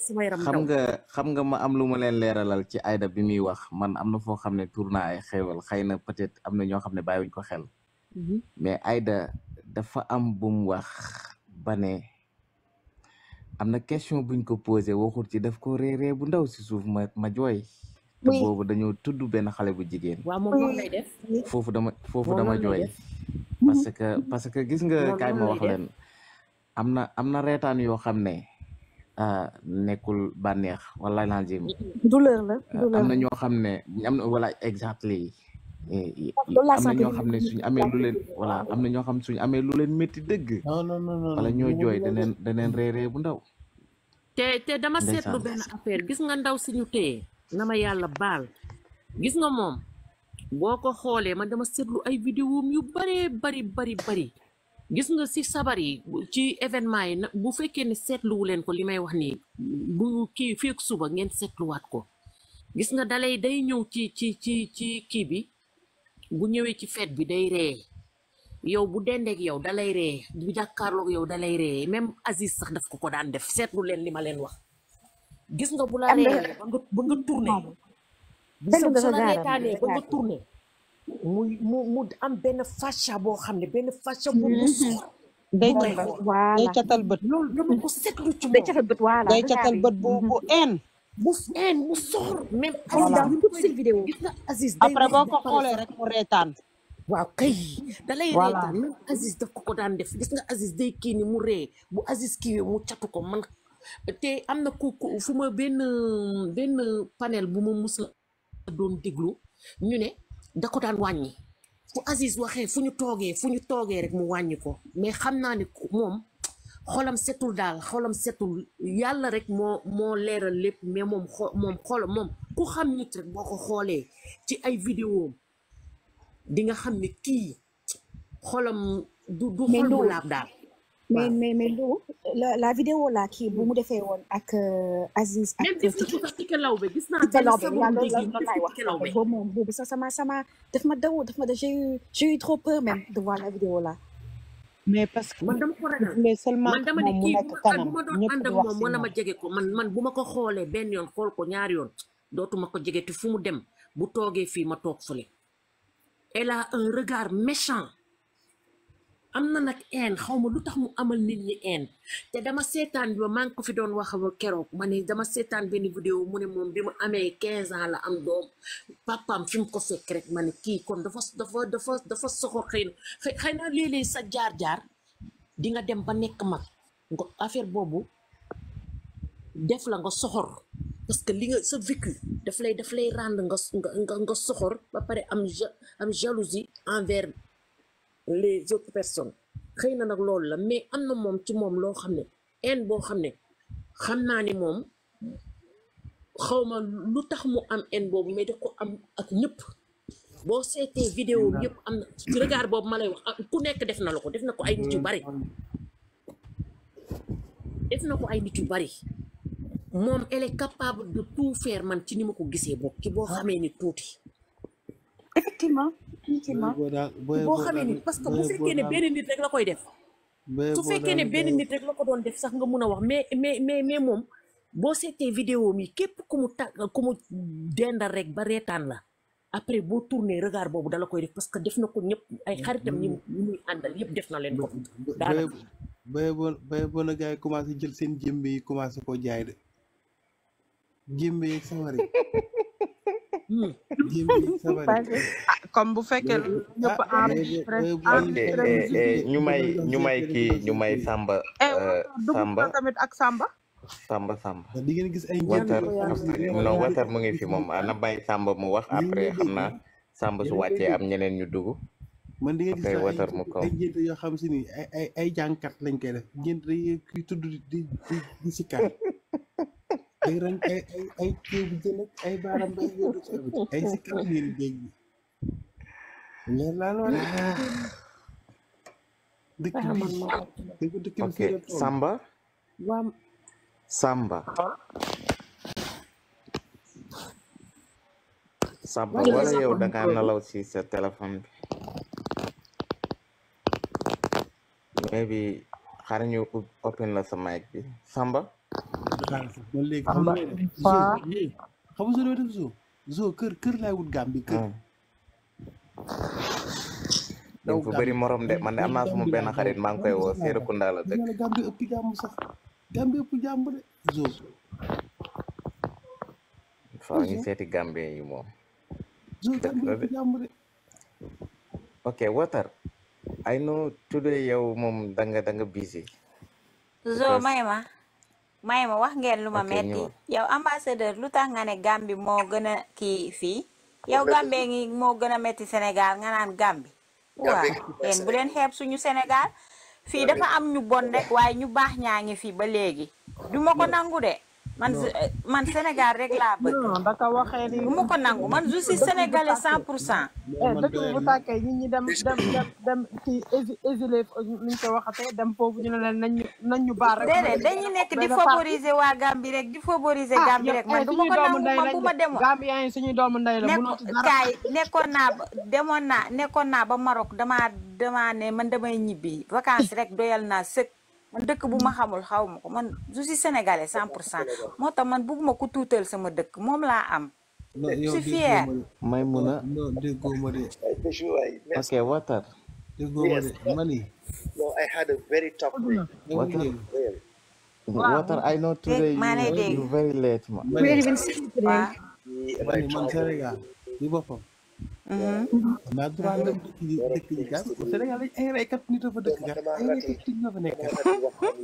xam nga xam nga ma am lu ma leen leeralal ci ayda bi muy wax man am na foo xam ne tuur naa ay xéewal xëy na peut-être am na ñoo xam ne bàyyiwuñ ko xel mhm. mais Aïda dafa am bum wax ba ne am na question buñ ko posé waxul ci daf ko reeree bu ndaw si suuf ma ma jooy te boobu dañoo tudd benn xale bu jigéen waaw foofu dama foofu dama jooy parce que parce que gis nga kaay mo wax leen am na am na reetaan yoo xam ne ah, nekkul bànneex wala laal jëm douleur ah, xam ne am na wala exactly loolu laa sant am na ñoo xam ne suñu amee lu leen voilà am na ñoo xam suñu amee lu leen métti dëgg. non non non ñoo jooy daneen daneen reeree bu ndaw. te te dama seetlu benn affaire gis nga ndaw suñu téye na ma yàlla baal gis nga moom boo ko xoolee man dama seetlu ay vidéo yu bëree bari bari bari gis nga si sabar yi ci événement yi bu fekkee ne seetluwu leen ko li may wax nii bu kii fii ak suba ngeen seetluwaat ko gis nga dalay day ñëw ci ci ci kii bi. bu ñëwee ci feet bi day ree yow bu dendeeg yow dalay lay ree bu jàkkaarloog yow dalay lay ree même Aziz sax daf ko ko daan def seetlu leen li ma leen wax. gis nga bu la reetaanee ba nga ba mu mu mu am benn facha boo xam ne benn facha bu mu mhm. soxla. day catal bët loolu dama ko seetlu ci moom day catal bët bu mhm. bu mu neen mu soxor waaw kay da lay reetaan même ko ko daan def gis nga Aziz day kii ni mu ree bu Aziz kii mu catu ko man te am na ku fu ma benn benn panel bu ma mus la doon déglu ñu ne da ko daan wàññi fu Aziz waxee fu ñu toogee fu ñu toogee rek mu wàññi ko mais xam naa ne moom xolam setul dal, xolam setul yalla rek mo mo leral lepp mais mom mom xolam xam rek ci ay di nga xam xolam du du xol mais mais mais la la vidéo la ki bu mu euh, Aziz. gis sama sama ma ma j'ai eu j'ai eu trop peur même de voir la vidéo là. mais parce que man dama ko ragal man dama ne kii bu ma doon ànd ko man man bu ma ko xoolee benn yoon xool ko ñaari yoon dootuma ko jege te fu mu dem bu toogee fii ma toog fële elle un regard méchant am na nag een xaw ma lu tax mu amal nit ñi een te dama seetaan bi maa ngi ko fi doon wax ba keroog ma ne dama seetaan benn vidéo mu ne moom bi mu amee 15 ans la am doom papaam fi ko fekk rek ma ne kii kon dafa dafa dafa dafa soxor xëy na xëy na jaar-jaar dem ba nekk mag affaire boobu def la nga soxor que li daf lay daf lay rendre nga nga ba pare am am jalousie envers. les autres personnes xëy na nag loolu la mais am na moom ci moom loo xam ne haine boo xam ne xam naa ni moom xawma lu tax mu am haine boobu mais def ko am ak ñëpp boo seetee vidéo yëpp am na ci regard boobu ma lay wax ak ah, ku nekk def na la ko def na ko ay nit yu bari def na ko ay nit yu bari moom elle est capable de tout faire man ci ni ma ko gisee bokk ki boo xamee ni tuuti culturellement boo xamee ni parce que bu fekkee ne benn nit rek la koy def su fekkee ne benn nit rek la ko doon def sax nga mun a wax mais mais mais mais moom boo seetee vidéo mi képp ku mu tà ku mu dendal rek ba reetaan la après boo tourné regard boobu dala koy def parce que def na ko ñëpp ay xaritam ñi muy àndal yëpp def na leen ko daanaka bay boo bay boo na gars yi commencé jël seen jëmbe yi commencé koo jaay de jëmbe yeeg sawar [LAUGHS] comme bu fekkee ñëpp enregistré ñu may ñu may kii ñu may samba samba tamit ak samba samba samba di ngeen gis ay water non water mu ngi fi moom na bàyyi samba mu wax après xam samba su am ñeneen ñu dugg man di iya, iya, iya. ya, gis eh, water mu kaw ay gént yoo xam si ni ay ay lañ koy def di di day ay ay ay kéebu bi laal wala dëkk bi bi fii Samba waam Samba Samba wala yow da ngaa nalaw ci sa téléphone bi mais bi xaar open la sa mic bi Samba man léegi xam nga xam nga def zoo zoo kër kër laay wut gàmm bi kër. daw gàmm bëri morom de man ne am naa suma benn xarit maa ngi koy woo Serekunda la dëkk. gàmm bi ëpp jàmm sax gàmm bi ëpp jàmm de zoo. faaw ñu seeti gàmbe yi moom. ok water I know today yow moom danga danga busy. zoo may ma. may ma wax ngeen lu ma metti yow ambassadeur lu tax nga ne Gambi moo gën a kii fii yow Gambi ngi moo gën a metti Sénégal nga naan Gambi waaw yéen bu leen xeeb suñu senegal fii dafa am ñu bon rek waaye ñu baax ñaa ngi fii ba léegi oh, du ko nangu de man eh, man Sénégal rek laa bëgg. non da ko waxee ni. bu ma ko nangu man je suis sénégalais cent pour cent. Eh, dëkk bu tàkkee nit ñi dem dem dem dem ñu nañ nañ ñu baar rek. déedéet nekk di favoriser waa Gambie rek di favoriser ah, Gambie rek eh, ma ko nangu man bu ma demoon. Gambien yi suñuy doomu ndey la munoo ci nekkoon naa demoon naa nekkoon naa ba Maroc damaa damaa ne man damay ñibbi vacances rek doyal naa sëkk. man dëkk bu ma xamul xaw ma ko man je suis sénégalais 100 pour cent moo tax man bëgguma ko tuutal sama dëkk moom laa am. je suis may mun a. ok water. mani. No, Water. Water, I know today you, you're very late, man. maa droit dem dëkk yi dëkk yi gas Sénégal ay raykat nit a fa dëkk gas ay raykat nit ñoo fa nekk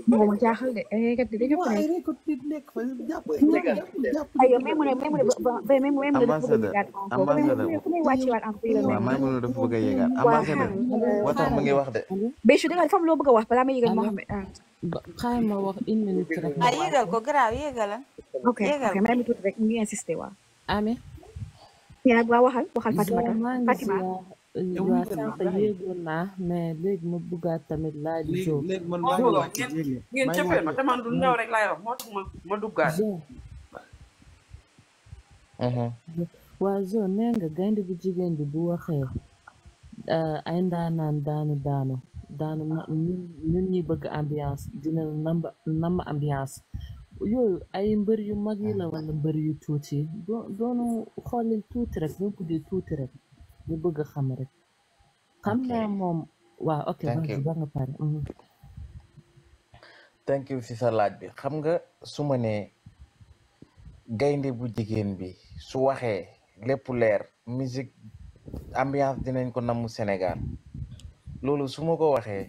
moom ma jaaxal de ay raykat nit dañoo fa nekk ay raykat nit nekk fa jàpp jàpp ayo même ne même ne même même a yegaat ambassadeur fu muy wàcci waat en fii la nekk même ne a wax de Béchou da nga fam loo a wax balaa may ma tuuti rek nee nag waa waxal waxal Fatimata yéegoon naa mais léegi ma bëggaat tamit laaj jo ngeen cëppee ma te man ma ma duggaat uh-huh. waa jo nee nga gaynde bu jigéen bi bu waxee euh, ay ndaanaan daanu daanu daanu ñun ñi bëgg ambiance dina namba namba ambiance yooyu ay mbër yu mag yi la ah. wala mbër yu tuuti yi doo doonu xoolil tuuti rek ñu bëgg a xam rek xam naa moom waaw ok ba nga pare mhm. thank you si sa laaj bi xam nga su ma gaynde bu jigéen bi su waxee lépp leer musique ambiance dinañ ko namu Sénégal loolu suma ko waxee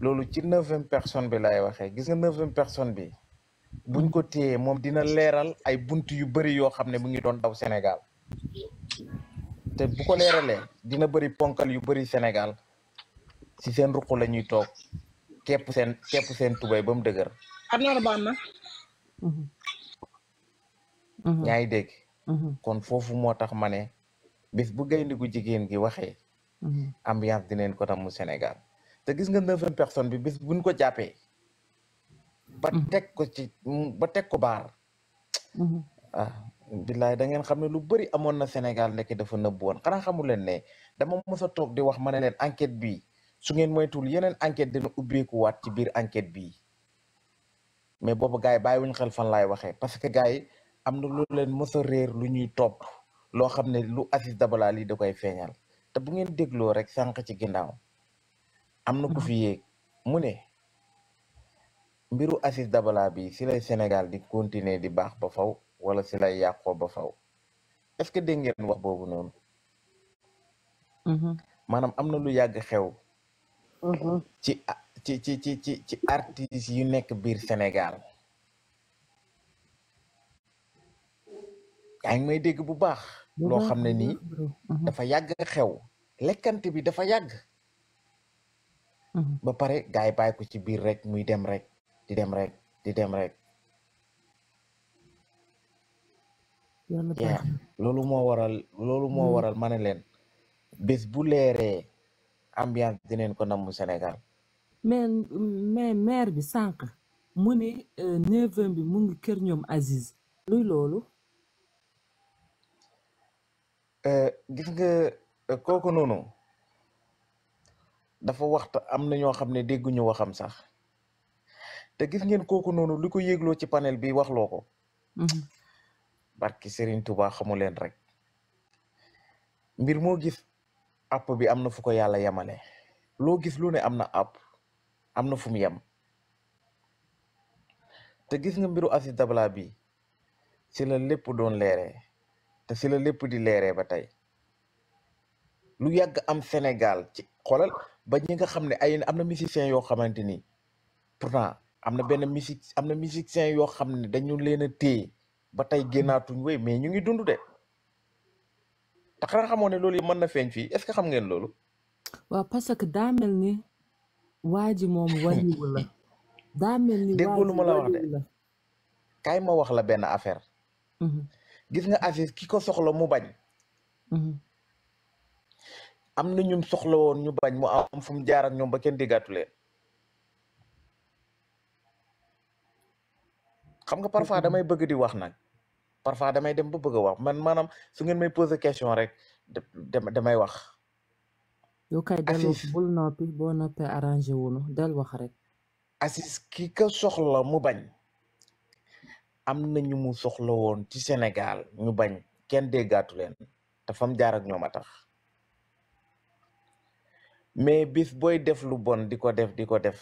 loolu ci neuvième personne bi lay waxee gis nga neuvième personne bi buñ ko téyee moom dina leeral ay bunt yu bari yoo xam ne mu ngi doon daw Sénégal te bu ko leeralee dina bari ponkal yu bari Sénégal si seen ruq la ñuy toog képp seen képp seen tubay ba mu dëgër. xam naa la ñaa ngi dégg. Mm-hmm. kon foofu moo tax ma ne bis bu gaynde gu jigéen gi waxee. Mm-hmm. ambiance dinañ ko tam mu Sénégal. te gis nga neuvième personne bi bis buñ ko jàppee ba mhm. teg ko ci ba teg ko baar mhm. ah billaay da ngeen xam ne lu bëri amoon na Sénégal nekk dafa nëbb woon xanaa xamu leen ne dama mos a toog di wax ma ne leen enquête bi su ngeen moytul yeneen enquête dina ubbeeku waat ci biir enquête bi mais boobu gars yi bàyyiwuñ xel fan laay waxee parce que gars yi am na lu leen mos a réer lu ñuy toog loo xam ne lu Aziz dabalaa lii da koy feeñal te bu ngeen dégloo rek sànq ci ginnaaw amna ko mhm. mune, fi asis mune ne mbiru Aziz Dabala bi si lay senegal di continuer di bax ba faw wala si lay yakko ba faw est-ce que deng ngeen wax bobu non mhm. manam amna lu yag xew mhm. ci ci ci ci ci ci artistes yu nek bir senegal ay may deg bu bax lo xamne ni dafa yag xew lekante bi dafa yag Mm-hmm. ba pare gars yi ko ci biir rek muy dem rek di dem rek di dem rek. yaa loolu moo waral loolu moo mm-hmm. waral ma ne leen bés bu leeree ambiance dinañ ko namm Sénégal. mais mais maire bi sànq mu ne euh, neveu bi mu ngi kër ñoom Aziz luy loolu. Euh, gis nga kooku noonu. dafa waxta am na ñoo xam ne dégguñu waxam sax te gis ngeen kooku noonu li ko yégloo ci panel bi waxloo ko mm-hmm. barki Serigne Touba xamu leen rek mbir moo gis app bi am na fu ko yàlla yemale loo gis lu ne am na app am na fu mu yem te gis nga mbiru Aziz Dabala bi sila la doon leere te si la lépp di leere ba tey lu yàgg am Sénégal ci xoolal bañ ñi nga xam ne ay am na musiciens yoo xamante ni pourtant am na benn musique am na musiciens yoo xam ne dañu leen a téye ba tey génnaatuñ wéy mais ñu ngi dund de te xamoo ne loolu yi mën na feeñ fii est-ce que xam ngeen loolu. waaw parce que daa mel ni waa ji moom wàññiwu ni dégg lu ma la wax de kaay ma wax la benn affaire. Mhm. gis nga Aziz ki ko soxla mu bañ. Mhm. am na ñun soxla woon ñu bañ mu am fu mu jaar ñoom ba kenn déggaatu leen xam nga parfois damay bëgg di wax nag parfois damay dem ba bëgg a wax man maanaam su ngeen may poser question rek damay wax. yow kay dellu bul noppi boo noppee arrangé wunu del wax rek. Aziz ki ka soxla mu bañ am na ñu mu soxla woon ci Sénégal ñu bañ kenn déggaatu leen te fa mu ñoom a tax. mais bis booy def lu bon di ko def di ko def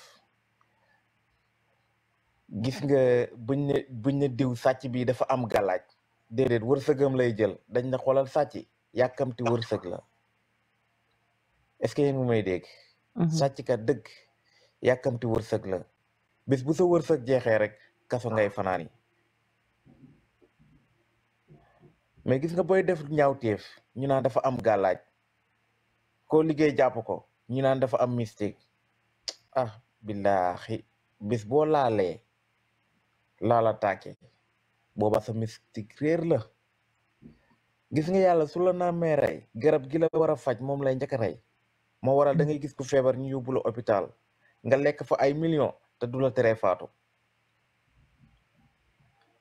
gis nga buñ ne diw sàcc bi dafa am galaaj déedéet wërsëgam lay jël dañ na xoolal sàcc yàkkamti wërsëg la est-ce may dégg mhm. sàcckat dëgg yàkkamti wërsëg la bis bu sa wërsëg jeexee rek kaso ngay fanaan mais gis nga booy def ñaawteef ñu naan dafa am gàllaaj koo liggéey jàpp ko ñu naan dafa am mistake ah billaahi bis boo laalee laala taake booba sa mystique réer la gis nga yàlla su la nammee rey garab gi la war a faj moom lay njëkk a rey moo waral da ngay gis ko feebar ñu yóbbu la hôpital nga lekk fa ay million te du la teree faatu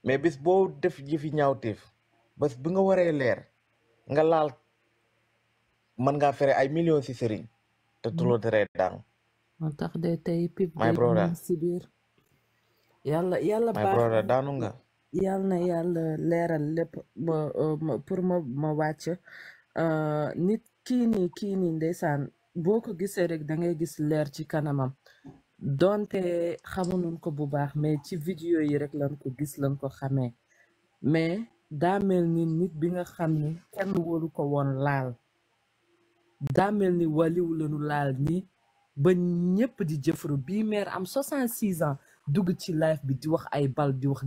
mais bis boo def jëfi ñaawteef bés bi nga waree leer nga laal mën ngaa fere ay million ci sëriñ te mm. tulo tere dang moo tax de tey pip my brother si biir yàlla yàlla baax daanu nga yàlla na yàlla leeral lépp ba uh, pour ma ma wàcc uh, nit kii nii kii ndeysaan boo ko gisee rek da ngay gis leer ci kanamam donte xamunuñ ko bu baax mais ci vidéo yi rek lan ko gis lan ko xamee mais daa mel ni nit bi nga xam ni kenn wóolu ko woon laal daa ni waliw lañu laal ni ba ñépp di jëfru bii meer am 66 ans dugg ci live bi di wax ay ball di wax